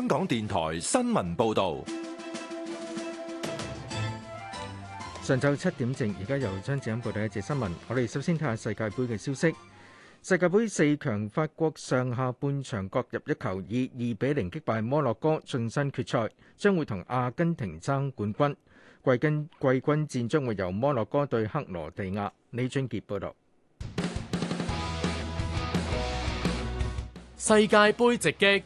香港電台新聞報道，上晝七點正，而家由張子欣報道一節新聞。我哋首先睇下世界杯嘅消息。世界杯四強，法國上下半場各入一球，以二比零擊敗摩洛哥，晉身決賽，將會同阿根廷爭冠軍。季軍季軍戰將會由摩洛哥對克羅地亞。李俊傑報道。世界杯直擊。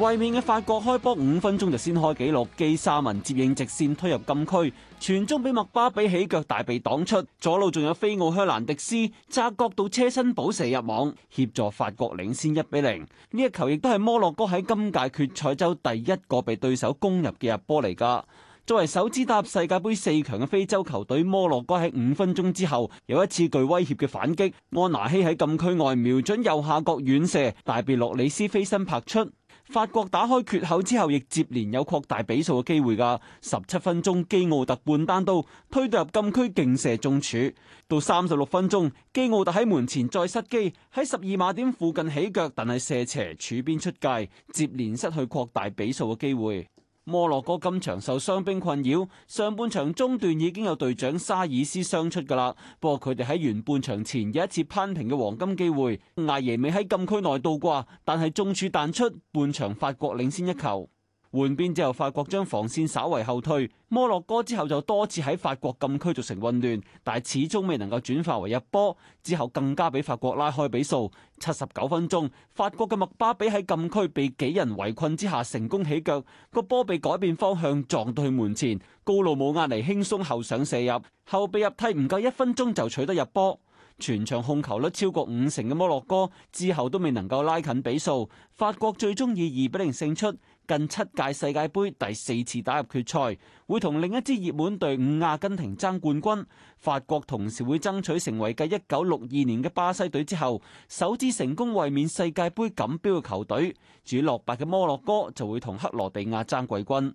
衛冕嘅法國開波五分鐘就先開紀錄，基沙文接應直綫推入禁區，傳中俾麥巴比起腳大被擋出，左路仲有菲奧香蘭迪斯揸角度車身補射入網，協助法國領先一比零。呢一球亦都係摩洛哥喺今屆決賽周第一個被對手攻入嘅入波嚟㗎。作為首支踏入世界杯四強嘅非洲球隊，摩洛哥喺五分鐘之後有一次具威脅嘅反擊，安拿希喺禁區外瞄準右下角遠射，大別洛里斯飛身拍出。法國打開缺口之後，亦接連有擴大比數嘅機會㗎。十七分鐘，基奧特半單刀推到入禁區勁射中柱。到三十六分鐘，基奧特喺門前再失機，喺十二碼點附近起腳，但係射斜柱邊出界，接連失去擴大比數嘅機會。摩洛哥今場受傷兵困擾，上半場中段已經有隊長沙爾斯傷出噶啦。不過佢哋喺完半場前有一次扳平嘅黃金機會，艾耶未喺禁區內倒掛，但係中柱彈出，半場法國領先一球。換邊之後，法國將防線稍為後退。摩洛哥之後就多次喺法國禁區造成混亂，但係始終未能夠轉化為入波。之後更加俾法國拉開比數。七十九分鐘，法國嘅麥巴比喺禁區被幾人圍困之下成功起腳，個波被改變方向撞到去門前，高路慕亞尼輕鬆後上射入。後備入替唔夠一分鐘就取得入波。全場控球率超過五成嘅摩洛哥之後都未能夠拉近比數，法國最終以二比零勝出。近七屆世界杯第四次打入決賽，會同另一支熱門隊伍阿根廷爭冠軍。法國同時會爭取成為繼一九六二年嘅巴西隊之後，首支成功衛冕世界杯錦標嘅球隊。主落敗嘅摩洛哥就會同克羅地亞爭季軍。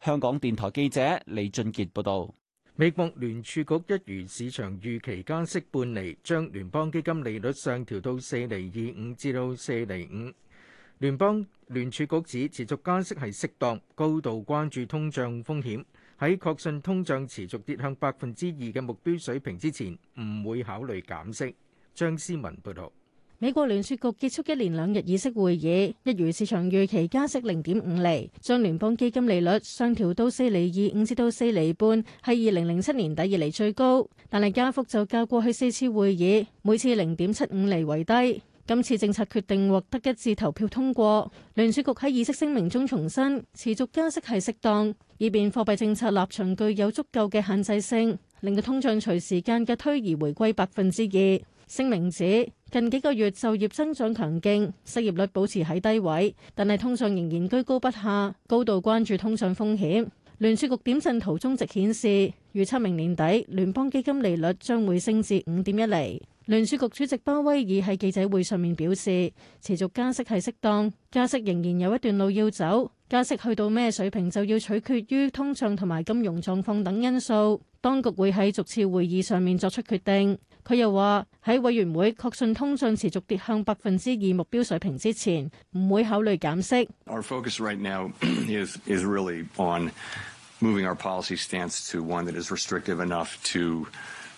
香港電台記者李俊杰報道。美國聯儲局一如市場預期加息半厘，將聯邦基金利率上調到四厘二五至到四厘五。聯邦聯儲局指持續加息係適當，高度關注通脹風險，喺確信通脹持續跌向百分之二嘅目標水平之前，唔會考慮減息。張思文報導。美國聯儲局結束一連兩日議息會議，一如市場預期，加息零點五厘，將聯邦基金利率上調到四厘二五至到四厘半，係二零零七年底以來最高，但係加幅就較過去四次會議每次零點七五厘為低。今次政策決定獲得一致投票通過，聯儲局喺議息聲明中重申持續加息係適當，以便貨幣政策立場具有足夠嘅限制性，令到通脹隨時間嘅推移回歸百分之二。聲明指近幾個月就業增長強勁，失業率保持喺低位，但係通脹仍然居高不下，高度關注通脹風險。聯儲局點陣圖中值顯示預測明年底聯邦基金利率將會升至五點一厘。聯儲局主席鮑威爾喺記者會上面表示，持續加息係適當，加息仍然有一段路要走，加息去到咩水平就要取決於通脹同埋金融狀況等因素，當局會喺逐次會議上面作出決定。佢又話：喺委員會確信通脹持續跌向百分之二目標水平之前，唔會考慮減息。Our focus right now is, is really on moving our policy stance to one that is restrictive enough to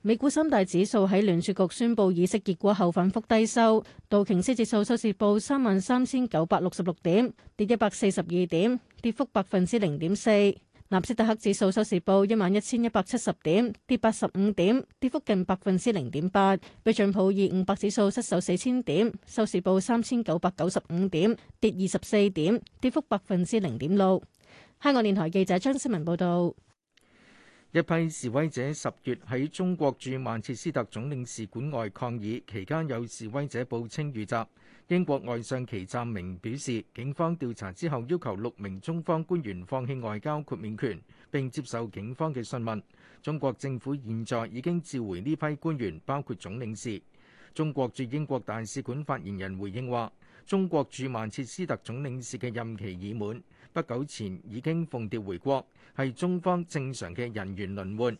美股三大指數喺聯儲局宣布議息結果後反覆低收，道瓊斯指數收市報三萬三千九百六十六點，跌一百四十二點，跌幅百分之零點四。納斯達克指數收市報一萬一千一百七十點，跌八十五點，跌幅近百分之零點八。標準普爾五百指數失守四千點，收市報三千九百九十五點，跌二十四點，跌幅百分之零點六。香港電台記者張詩文報道。一批示威者十月喺中國駐曼徹斯特總領事館外抗議，期間有示威者報稱遇襲。英國外相祁湛明表示，警方調查之後要求六名中方官員放棄外交豁免權並接受警方嘅詢問。中國政府現在已經召回呢批官員，包括總領事。中國駐英國大使館發言人回應話：中國駐曼徹斯特總領事嘅任期已滿。不久前已經奉調回國，係中方正常嘅人員輪換。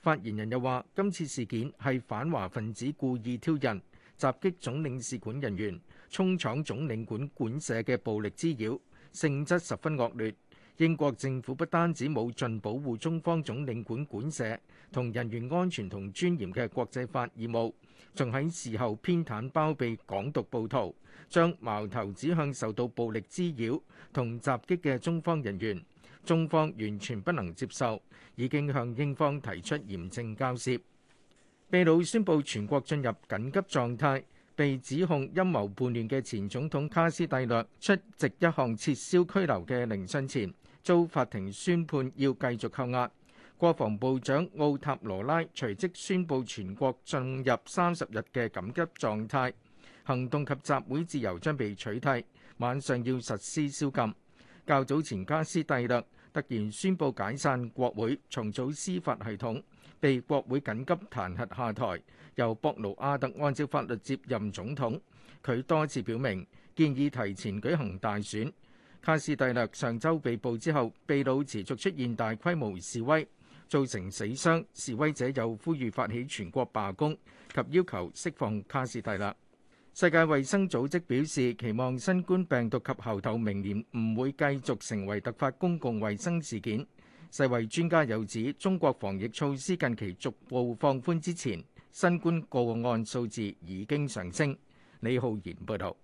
發言人又話：今次事件係反華分子故意挑釁，襲擊總領事館人員，衝闖總領館館舍嘅暴力滋擾，性質十分惡劣。英國政府不單止冇盡保護中方總領館館舍同人員安全同尊嚴嘅國際法義務，仲喺事後偏袒包庇港獨暴徒，將矛頭指向受到暴力滋擾同襲擊嘅中方人員。中方完全不能接受，已經向英方提出嚴正交涉。秘魯宣布全國進入緊急狀態，被指控陰謀叛亂嘅前總統卡斯蒂略出席一項撤銷拘留嘅聆訊前，遭法庭宣判要繼續扣押，國防部長奧塔羅拉隨即宣布全國進入三十日嘅緊急狀態，行動及集會自由將被取締，晚上要實施宵禁。較早前，加斯蒂特突然宣布解散國會、重組司法系統，被國會緊急彈劾下台，由博盧阿特按照法律接任總統，佢多次表明建議提前舉行大選。卡斯蒂略上週被捕之後，秘魯持續出現大規模示威，造成死傷。示威者又呼籲發起全國罷工及要求釋放卡斯蒂略。世界衛生組織表示期望新冠病毒及後頭明年唔會繼續成為突發公共衛生事件。世衛專家又指中國防疫措施近期逐步放寬之前，新冠個案數字已經上升。李浩然報導。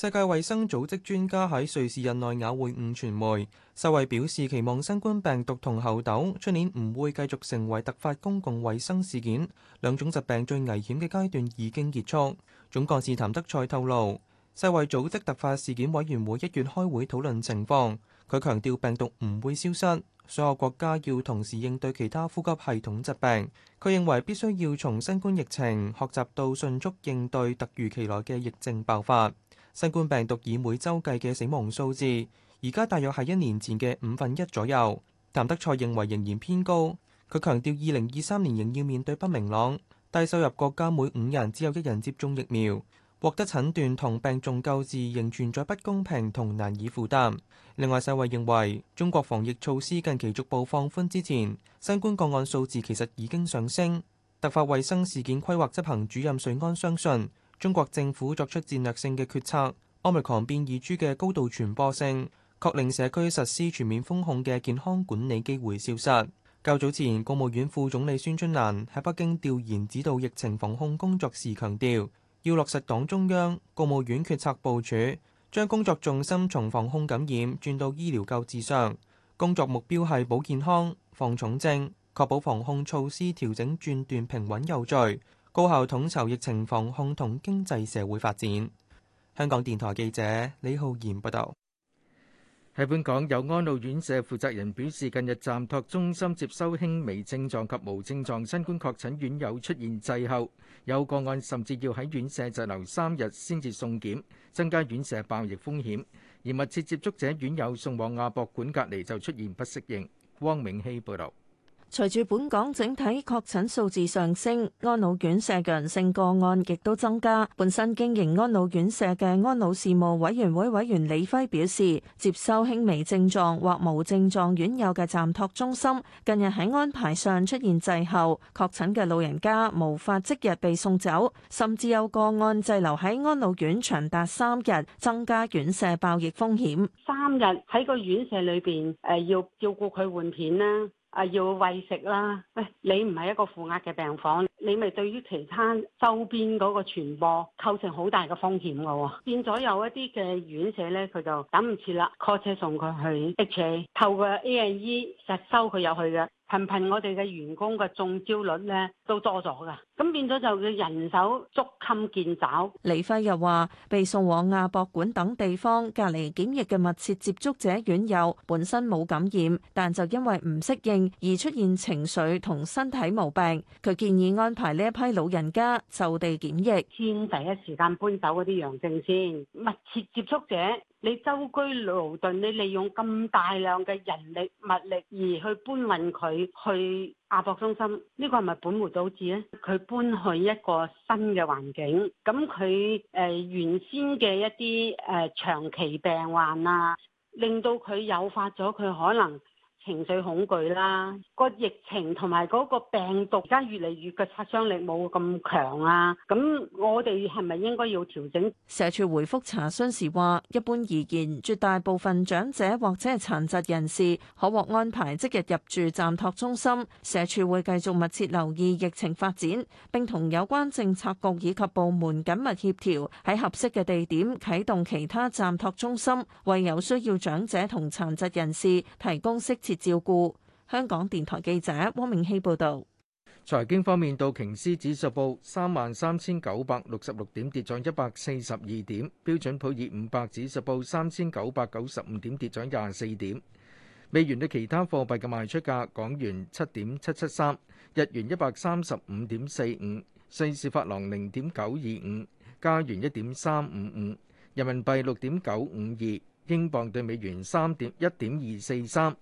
世界衛生組織專家喺瑞士日內瓦會晤傳媒，世衞表示期望新冠病毒同猴痘出年唔會繼續成為突發公共衞生事件。兩種疾病最危險嘅階段已經結束。總幹事譚德賽透露，世衞組織突發事件委員會一月開會討論情況。佢強調病毒唔會消失，所有國家要同時應對其他呼吸系統疾病。佢認為必須要從新冠疫情學習到迅速應對突如其來嘅疫症爆發。新冠病毒以每周計嘅死亡數字，而家大約係一年前嘅五分一左右。譚德塞認為仍然偏高，佢強調二零二三年仍要面對不明朗。低收入國家每五人只有一人接種疫苗，獲得診斷同病重救治仍存在不公平同難以負擔，另外，世衛認為中國防疫措施近期逐步放寬之前，新冠個案數字其實已經上升。突發衛生事件規劃執行主任瑞安相信。中國政府作出戰略性嘅決策，奧密克戎變異株嘅高度傳播性確令社區實施全面封控嘅健康管理機會消失。較早前，國務院副總理孫春蘭喺北京調研指導疫情防控工作時強調，要落實黨中央、國務院決策部署，將工作重心從防控感染轉到醫療救治上。工作目標係保健康、防重症，確保防控措施調整轉段平穩有序。高效統籌疫情防控同經濟社會發展。香港電台記者李浩然報道，喺本港有安老院舍負責人表示，近日暫託中心接收輕微症狀及無症狀新冠確診院友出現滯後，有個案甚至要喺院舍滯留三日先至送檢，增加院舍爆疫風險。而密切接觸者院友送往亞博館隔離就出現不適應。汪明希報道。隨住本港整體確診數字上升，安老院舍陽性個案亦都增加。本身經營安老院舍嘅安老事務委員會委員李輝表示，接收輕微症狀或無症狀院友嘅暫托中心，近日喺安排上出現滯後，確診嘅老人家無法即日被送走，甚至有個案滯留喺安老院長達三日，增加院舍爆疫風險。三日喺個院舍裏邊誒、呃，要照顧佢換片啦。啊！要喂食啦，喂、哎，你唔係一個負壓嘅病房，你咪對於其他周邊嗰個傳播構成好大嘅風險噶，變咗有一啲嘅院舍咧，佢就等唔切啦，call 車送佢去，而且透過 A&E 實收佢入去嘅。頻頻我哋嘅員工嘅中招率咧都多咗㗎，咁變咗就要人手捉襟見肘。李輝又話：被送往亞博館等地方隔離檢疫嘅密切接觸者院友，本身冇感染，但就因為唔適應而出現情緒同身體毛病。佢建議安排呢一批老人家就地檢疫，先第一時間搬走嗰啲陽性先密切接觸者。你舟車勞頓，你利用咁大量嘅人力物力而去搬運佢去亞博中心，是是呢個係咪本末倒置咧？佢搬去一個新嘅環境，咁佢誒原先嘅一啲誒長期病患啊，令到佢誘發咗佢可能。情緒恐懼啦，個疫情同埋嗰個病毒而家越嚟越嘅殺傷力冇咁強啊！咁我哋係咪應該要調整？社署回覆查詢時話，一般而言，絕大部分長者或者係殘疾人士可獲安排即日入住暫託中心。社署會繼續密切留意疫情發展，並同有關政策局以及部門緊密協調，喺合適嘅地點啟動其他暫託中心，為有需要長者同殘疾人士提供適。照顧香港電台記者汪明熙報道。財經方面，道瓊斯指數報三萬三千九百六十六點，跌咗一百四十二點；標準普爾五百指數報三千九百九十五點，跌咗廿四點。美元對其他貨幣嘅賣出價：港元七點七七三，日元一百三十五點四五，瑞士法郎零點九二五，加元一點三五五，人民幣六點九五二，英鎊兌美元三點一點二四三。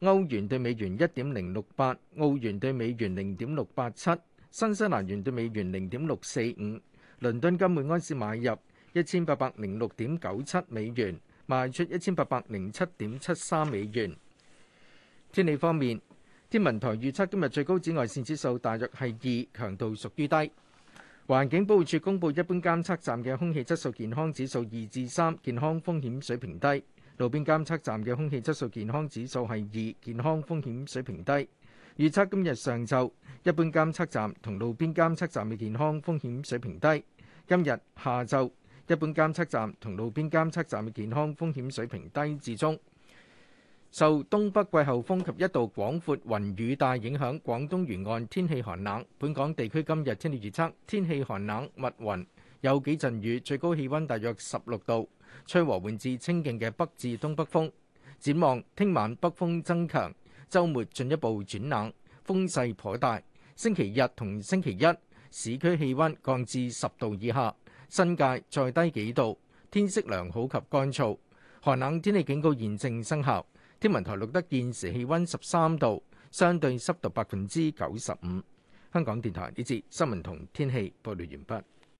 歐元兌美元一點零六八，澳元兌美元零點六八七，新西蘭元兌美元零點六四五。倫敦金每安士買入一千八百零六點九七美元，賣出一千八百零七點七三美元。天氣方面，天文台預測今日最高紫外線指數大約係二，強度屬於低。環境保護署公佈一般監測站嘅空氣質素健康指數二至三，健康風險水平低。路邊監測站嘅空氣質素健康指數係二，健康風險水平低。預測今日上晝，一般監測站同路邊監測站嘅健康風險水平低。今日下晝，一般監測站同路邊監測站嘅健康風險水平低至中。受東北季候風及一道廣闊雲雨帶影響，廣東沿岸天氣寒冷。本港地區今日天氣預測：天氣寒冷，密雲，有幾陣雨，最高氣溫大約十六度。吹和緩至清勁嘅北至東北風。展望聽晚北風增強，週末進一步轉冷，風勢頗大。星期日同星期一市區氣温降至十度以下，新界再低幾度。天色良好及乾燥，寒冷天氣警告現正生效。天文台錄得現時氣温十三度，相對濕度百分之九十五。香港電台呢節新聞同天氣報道完畢。